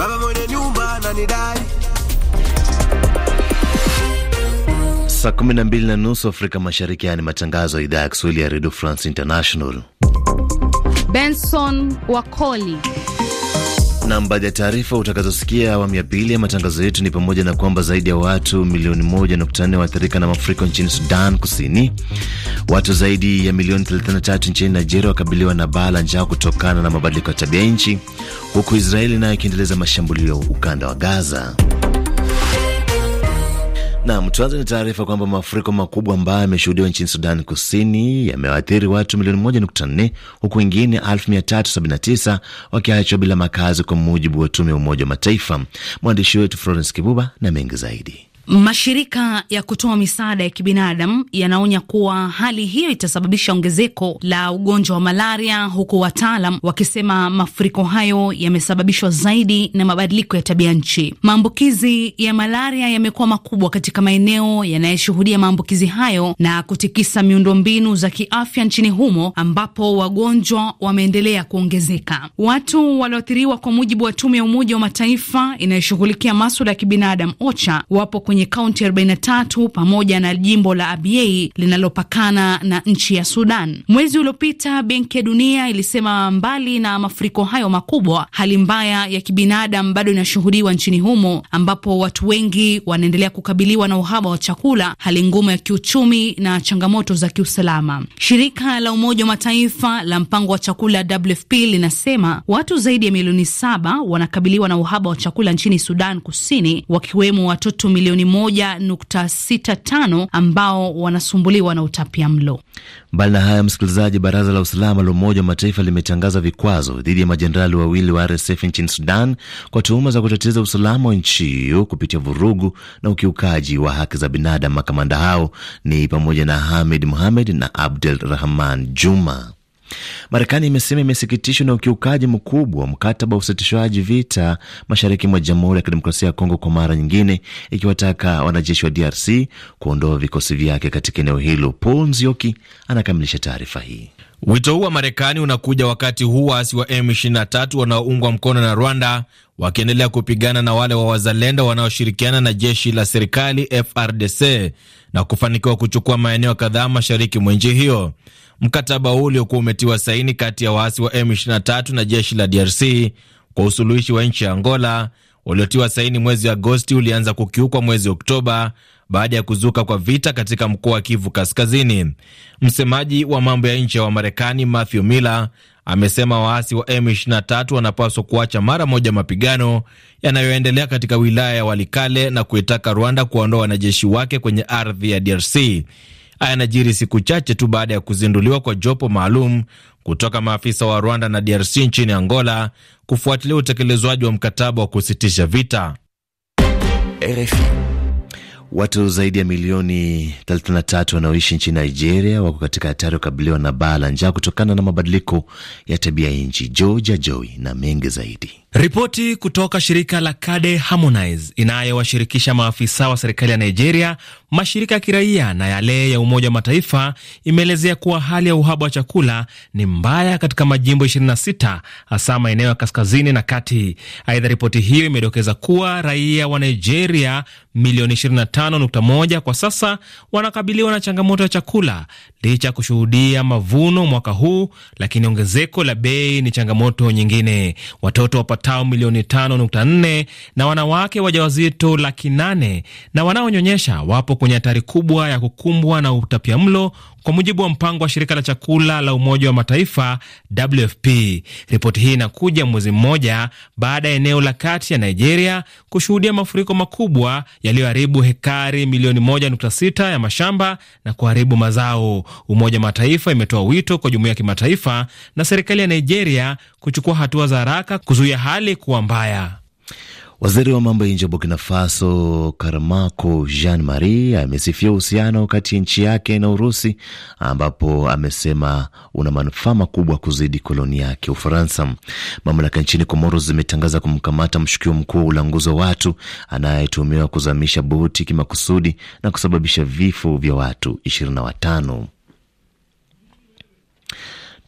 baba mwenye nyumba ananidai. Saa 12 na nusu Afrika Mashariki, ni yaani matangazo ya idhaa ya Kiswahili ya Radio France International. Benson Wakoli na baadhi ya taarifa utakazosikia awamu ya pili ya matangazo yetu ni pamoja na kwamba zaidi ya watu milioni 1.4 waathirika na mafuriko nchini Sudan Kusini, Watu zaidi ya milioni 33 nchini Nigeria wakabiliwa na baa la njaa kutokana na mabadiliko ya tabia nchi, huku Israeli nayo ikiendeleza mashambulio ukanda wa Gaza. Nam, tuanze na taarifa kwamba mafuriko makubwa ambayo yameshuhudiwa nchini Sudan Kusini yamewaathiri watu milioni 1.4 huku wengine 379 wakiachwa bila makazi, kwa mujibu wa tume ya Umoja wa Mataifa. Mwandishi wetu Florence Kibuba na mengi zaidi. Mashirika ya kutoa misaada ya kibinadamu yanaonya kuwa hali hiyo itasababisha ongezeko la ugonjwa wa malaria, huku wataalam wakisema mafuriko hayo yamesababishwa zaidi na mabadiliko ya tabia nchi. Maambukizi ya malaria yamekuwa makubwa katika maeneo yanayoshuhudia maambukizi hayo na kutikisa miundombinu za kiafya nchini humo, ambapo wagonjwa wameendelea kuongezeka. Watu walioathiriwa, kwa mujibu wa tume ya Umoja wa Mataifa inayoshughulikia maswala ya kibinadamu OCHA, wapo kwenye kwenye kaunti 43 pamoja na jimbo la Abyei linalopakana na nchi ya Sudan. Mwezi uliopita, Benki ya Dunia ilisema mbali na mafuriko hayo makubwa, hali mbaya ya kibinadamu bado inashuhudiwa nchini humo, ambapo watu wengi wanaendelea kukabiliwa na uhaba wa chakula, hali ngumu ya kiuchumi na changamoto za kiusalama. Shirika la Umoja wa Mataifa la mpango wa chakula WFP linasema watu zaidi ya milioni saba wanakabiliwa na uhaba wa chakula nchini Sudan Kusini, wakiwemo watoto milioni 1.65 ambao wanasumbuliwa na utapia mlo. Mbali na haya, msikilizaji, baraza la usalama la Umoja wa Mataifa limetangaza vikwazo dhidi ya majenerali wawili wa RSF nchini Sudan kwa tuhuma za kutatiza usalama wa nchi hiyo kupitia vurugu na ukiukaji wa haki za binadamu. Makamanda hao ni pamoja na Hamid muhamed na abdul Rahman Juma. Marekani imesema imesikitishwa na ukiukaji mkubwa wa mkataba wa usitishwaji vita mashariki mwa Jamhuri ya Kidemokrasia ya Kongo kwa mara nyingine, ikiwataka wanajeshi wa DRC kuondoa vikosi vyake katika eneo hilo. Paul Nzioki anakamilisha taarifa hii. Wito huu wa Marekani unakuja wakati huu waasi wa M23 wanaoungwa mkono na Rwanda wakiendelea kupigana na wale wa wazalendo wanaoshirikiana na jeshi la serikali FRDC na kufanikiwa kuchukua maeneo kadhaa mashariki mwa nchi hiyo. Mkataba huu uliokuwa umetiwa saini kati ya waasi wa M23 na jeshi la DRC kwa usuluhishi wa nchi ya Angola uliotiwa saini mwezi Agosti ulianza kukiukwa mwezi Oktoba baada ya kuzuka kwa vita katika mkoa wa Kivu Kaskazini. Msemaji wa mambo ya nje wa Marekani Matthew Miller amesema waasi wa M23 wanapaswa kuacha mara moja mapigano yanayoendelea katika wilaya ya Walikale na kuitaka Rwanda kuondoa wanajeshi wake kwenye ardhi ya DRC. Haya yanajiri siku chache tu baada ya kuzinduliwa kwa jopo maalum kutoka maafisa wa Rwanda na DRC nchini Angola kufuatilia utekelezwaji wa mkataba wa kusitisha vita. RFI. Watu zaidi ya milioni 33 wanaoishi nchini Nigeria wako katika hatari wakabiliwa na baa la njaa kutokana na mabadiliko ya tabia ya nchi. Georgia Joi na mengi zaidi. Ripoti kutoka shirika la Kade Harmonize inayowashirikisha maafisa wa serikali ya Nigeria, mashirika ya kiraia na yale ya Umoja wa Mataifa imeelezea kuwa hali ya uhaba wa chakula ni mbaya katika majimbo 26 hasa maeneo ya kaskazini na kati. Aidha, ripoti hiyo imedokeza kuwa raia wa Nigeria milioni 5.1 kwa sasa wanakabiliwa na changamoto ya chakula licha ya kushuhudia mavuno mwaka huu, lakini ongezeko la bei ni changamoto nyingine. Watoto wapatao milioni 5.4 na wanawake wajawazito laki nane na wanaonyonyesha wapo kwenye hatari kubwa ya kukumbwa na utapiamlo kwa mujibu wa mpango wa shirika la chakula la Umoja wa Mataifa WFP. Ripoti hii inakuja mwezi mmoja baada ya eneo la kati ya Nigeria kushuhudia mafuriko makubwa yaliyoharibu heka hektari milioni 1.6 ya mashamba na kuharibu mazao. Umoja wa Mataifa imetoa wito kwa jumuiya ya kimataifa na serikali ya Nigeria kuchukua hatua za haraka kuzuia hali kuwa mbaya. Waziri wa mambo ya nje wa Burkina Faso Karamako Jean Marie amesifia uhusiano kati ya nchi yake na Urusi, ambapo amesema una manufaa makubwa kuzidi koloni yake Ufaransa. Mamlaka nchini Komoro zimetangaza kumkamata mshukiwa mkuu wa ulanguzi wa watu anayetumiwa kuzamisha boti kimakusudi na kusababisha vifo vya watu 25.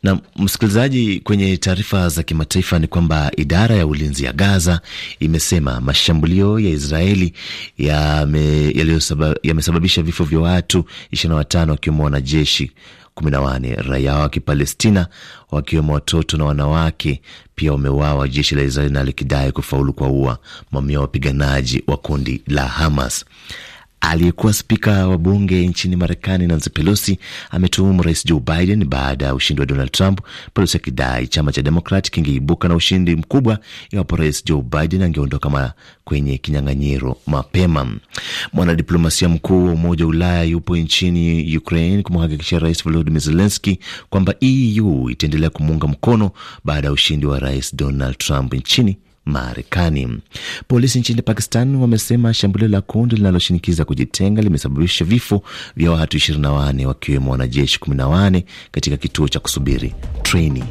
Na msikilizaji, kwenye taarifa za kimataifa ni kwamba idara ya ulinzi ya Gaza imesema mashambulio ya Israeli yamesababisha ya vifo vya watu 25 wakiwemo wanajeshi 14, raia wa Kipalestina wakiwemo watoto na wanawake pia wameuawa, jeshi la Israeli na likidai kufaulu kwa ua mamia wapiganaji wa kundi la Hamas. Aliyekuwa spika wa bunge nchini Marekani Nancy Pelosi ametuhumu rais Joe Biden baada ya ushindi wa Donald Trump, Pelosi akidai chama cha Demokrat kingeibuka na ushindi mkubwa iwapo rais Joe Biden angeondoka kwenye kinyang'anyiro mapema. Mwanadiplomasia mkuu wa Umoja wa Ulaya yupo nchini Ukraine kumhakikishia rais volodimir zelenski kwamba EU itaendelea kumuunga mkono baada ya ushindi wa rais Donald Trump nchini Marekani. Polisi nchini Pakistan wamesema shambulio la kundi linaloshinikiza kujitenga limesababisha vifo vya watu 24 wakiwemo wanajeshi 14 katika kituo cha kusubiri treni.